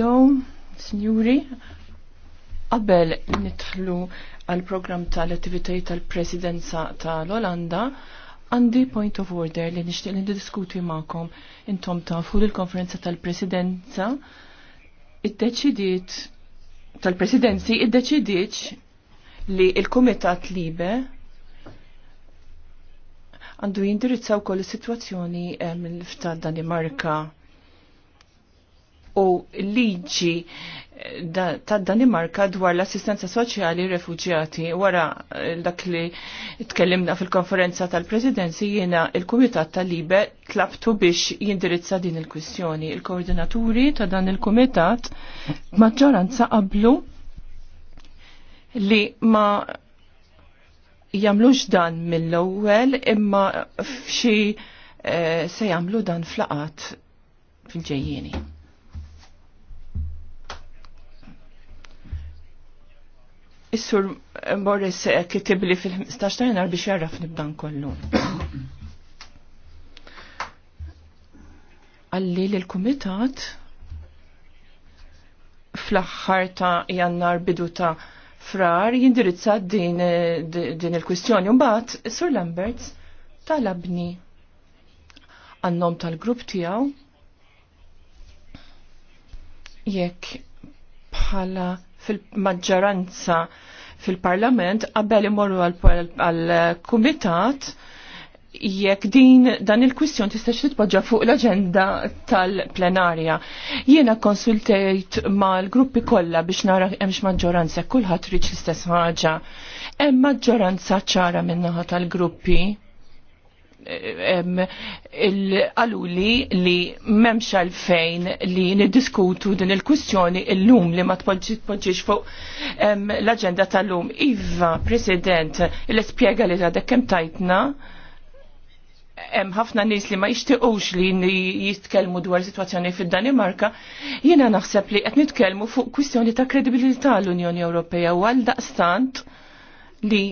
So, signori, qabel nitħlu għal program tal attivitaj tal-presidenza tal-Olanda, għandi point of order li nixtieq li diskuti ma'kom intom tafu il konferenza tal-presidenza iddeċidiet tal-presidenzi iddeċidiet li il-Kumitat Libe għandu jindirizzaw kol is-sitwazzjoni eh, mill-ftat Danimarka u liġi eh, da, ta' Danimarka dwar l-assistenza soċjali refugjati wara eh, dak li tkellimna fil-konferenza tal-presidenzi jiena il-Kumitat tal-Libe tlabtu biex jindirizza din il-kwistjoni. Il-koordinaturi ta' dan il-Kumitat maġġoranza qablu li ma jamlux dan mill-ewwel imma f'xi eh, se jamlu dan flaqat fil-ġejjieni. Is-sur Boris li fil-15 jannar biex jarraf nibdan kollu. Għalli li l-Kumitat fl-axħar ta' jannar bidu ta' frar jindirizza din, din il-kwistjoni. Mbagħad Sur Lamberts talabni għannom tal-grupp tiegħu jekk bħala fil-maġġoranza fil-parlament qabel imorru għal-kumitat jekk din dan il-kwistjon tistax titpoġġa fuq l-aġenda tal-plenarja. Jiena konsultejt mal-gruppi kollha biex nara hemmx maġġoranza kulħadd trid l-istess ħaġa. Hemm maġġoranza ċara min-naħa tal-gruppi għaluli li memx għalfejn li nidiskutu din il kustjoni il-lum li ma tpoġġiġ fuq l-agenda tal-lum. Iva, President, l-espiega li għadek kem tajtna hemm ħafna nies li ma jixtiequx li jitkellmu dwar situazzjoni fid-Danimarka, jiena naħseb li qed nitkellmu fuq kwistjoni ta' kredibilità l-Unjoni Ewropea u għal daqstant li